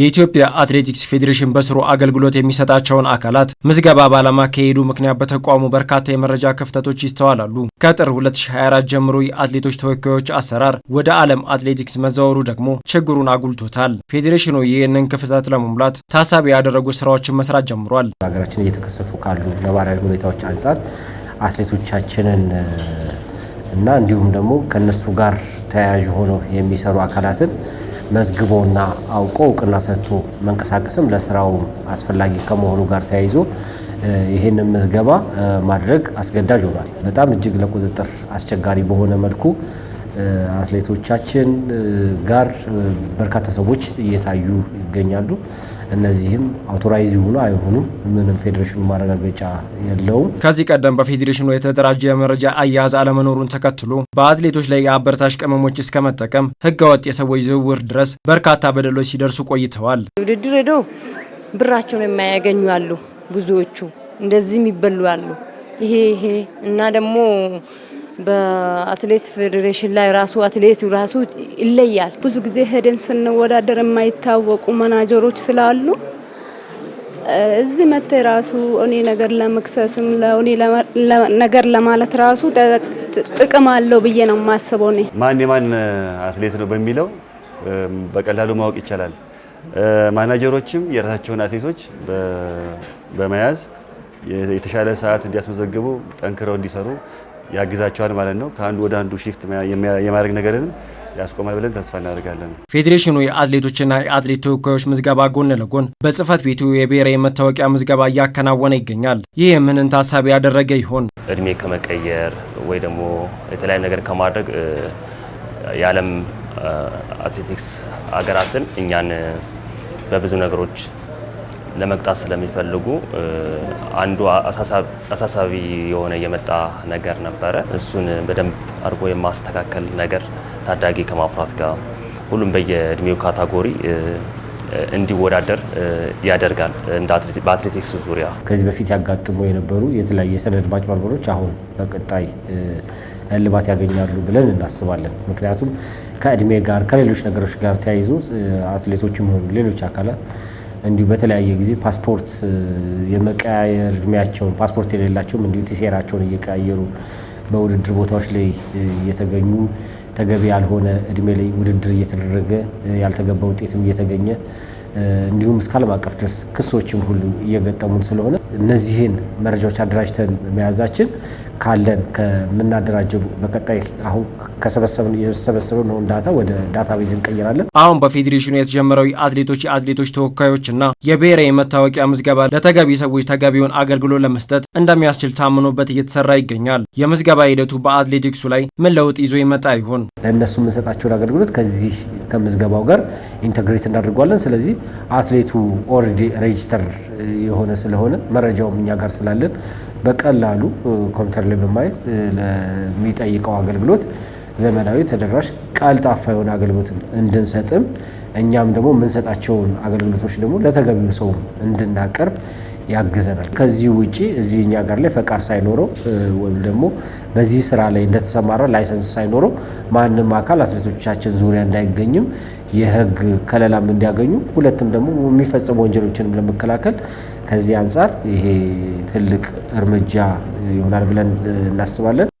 የኢትዮጵያ አትሌቲክስ ፌዴሬሽን በስሩ አገልግሎት የሚሰጣቸውን አካላት ምዝገባ ባለማካሄዱ ምክንያት በተቋሙ በርካታ የመረጃ ክፍተቶች ይስተዋላሉ። ከጥር 2024 ጀምሮ የአትሌቶች ተወካዮች አሰራር ወደ ዓለም አትሌቲክስ መዛወሩ ደግሞ ችግሩን አጉልቶታል። ፌዴሬሽኑ ይህንን ክፍተት ለመሙላት ታሳቢ ያደረጉ ስራዎችን መስራት ጀምሯል። ሀገራችን እየተከሰቱ ካሉ ነባራዊ ሁኔታዎች አንጻር አትሌቶቻችንን እና እንዲሁም ደግሞ ከነሱ ጋር ተያያዥ ሆነው የሚሰሩ አካላትን መዝግቦና አውቆ እውቅና ሰጥቶ መንቀሳቀስም ለስራው አስፈላጊ ከመሆኑ ጋር ተያይዞ ይህንን ምዝገባ ማድረግ አስገዳጅ ሆኗል። በጣም እጅግ ለቁጥጥር አስቸጋሪ በሆነ መልኩ አትሌቶቻችን ጋር በርካታ ሰዎች እየታዩ ይገኛሉ። እነዚህም አውቶራይዝ ይሁኑ አይሁኑም ምንም ፌዴሬሽኑ ማረጋገጫ የለውም። ከዚህ ቀደም በፌዴሬሽኑ የተደራጀ የመረጃ አያያዝ አለመኖሩን ተከትሎ በአትሌቶች ላይ የአበረታሽ ቅመሞች እስከ መጠቀም ህገወጥ የሰዎች ዝውውር ድረስ በርካታ በደሎች ሲደርሱ ቆይተዋል። ውድድር ሄዶ ብራቸውን የማያገኙ አሉ፣ ብዙዎቹ እንደዚህም ይበሉ አሉ። ይሄ ይሄ እና ደግሞ በአትሌት ፌዴሬሽን ላይ ራሱ አትሌት ራሱ ይለያል። ብዙ ጊዜ ሄደን ስንወዳደር የማይታወቁ መናጀሮች ስላሉ እዚህ መጥተ ራሱ እኔ ነገር ለመክሰስም ለእኔ ነገር ለማለት ራሱ ጥቅም አለው ብዬ ነው የማስበው። እኔ ማን የማን አትሌት ነው በሚለው በቀላሉ ማወቅ ይቻላል። ማናጀሮችም የራሳቸውን አትሌቶች በመያዝ የተሻለ ሰዓት እንዲያስመዘግቡ ጠንክረው እንዲሰሩ ያግዛቸዋል ማለት ነው። ከአንዱ ወደ አንዱ ሺፍት የማድረግ ነገርንም ያስቆማል ብለን ተስፋ እናደርጋለን። ፌዴሬሽኑ የአትሌቶችና የአትሌት ተወካዮች ምዝገባ ጎን ለጎን በጽህፈት ቤቱ የብሔራዊ መታወቂያ ምዝገባ እያከናወነ ይገኛል። ይህ ምንን ታሳቢ ያደረገ ይሆን? እድሜ ከመቀየር ወይ ደግሞ የተለያዩ ነገር ከማድረግ የዓለም አትሌቲክስ አገራትን እኛን በብዙ ነገሮች ለመቅጣት ስለሚፈልጉ አንዱ አሳሳቢ የሆነ የመጣ ነገር ነበረ። እሱን በደንብ አድርጎ የማስተካከል ነገር ታዳጊ ከማፍራት ጋር ሁሉም በየእድሜው ካታጎሪ እንዲወዳደር ያደርጋል። በአትሌቲክስ ዙሪያ ከዚህ በፊት ያጋጥሙ የነበሩ የተለያዩ የሰነድ ማጭበርበሮች አሁን በቀጣይ እልባት ያገኛሉ ብለን እናስባለን። ምክንያቱም ከእድሜ ጋር ከሌሎች ነገሮች ጋር ተያይዞ አትሌቶችም ሆኑ ሌሎች አካላት እንዲሁ በተለያየ ጊዜ ፓስፖርት የመቀያየር እድሜያቸውን ፓስፖርት የሌላቸውም እንዲሁ ቲሴራቸውን እየቀያየሩ በውድድር ቦታዎች ላይ እየተገኙ ተገቢ ያልሆነ እድሜ ላይ ውድድር እየተደረገ ያልተገባ ውጤትም እየተገኘ እንዲሁም እስከ ዓለም አቀፍ ድረስ ክሶችም ሁሉ እየገጠሙን ስለሆነ እነዚህን መረጃዎች አደራጅተን መያዛችን ካለን ከምናደራጀው በቀጣይ አሁን ከሰበሰብ የሰበሰብን ዳታ ወደ ዳታ ቤዝ እንቀይራለን። አሁን በፌዴሬሽኑ የተጀመረው የአትሌቶች የአትሌቶች ተወካዮች እና የብሔራዊ መታወቂያ ምዝገባ ለተገቢ ሰዎች ተገቢውን አገልግሎት ለመስጠት እንደሚያስችል ታምኖበት እየተሰራ ይገኛል። የምዝገባ ሂደቱ በአትሌቲክሱ ላይ ምን ለውጥ ይዞ ይመጣ ይሆን? ለእነሱ የምንሰጣቸውን አገልግሎት ከዚህ ከምዝገባው ጋር ኢንተግሬት እናደርጓለን። ስለዚህ አትሌቱ ኦልሬዲ ሬጅስተር የሆነ ስለሆነ መረጃውም እኛ ጋር ስላለን በቀላሉ ኮምፒውተር ላይ በማየት ለሚጠይቀው አገልግሎት ዘመናዊ፣ ተደራሽ፣ ቀልጣፋ የሆነ አገልግሎት እንድንሰጥም እኛም ደግሞ የምንሰጣቸውን አገልግሎቶች ደግሞ ለተገቢው ሰው እንድናቀርብ ያግዘናል። ከዚህ ውጪ እዚህ እኛ ጋር ላይ ፈቃድ ሳይኖረው ወይም ደግሞ በዚህ ስራ ላይ እንደተሰማራ ላይሰንስ ሳይኖረው ማንም አካል አትሌቶቻችን ዙሪያ እንዳይገኝም የህግ ከለላም እንዲያገኙ ሁለትም ደግሞ የሚፈጸሙ ወንጀሎችንም ለመከላከል ከዚህ አንጻር ይሄ ትልቅ እርምጃ ይሆናል ብለን እናስባለን።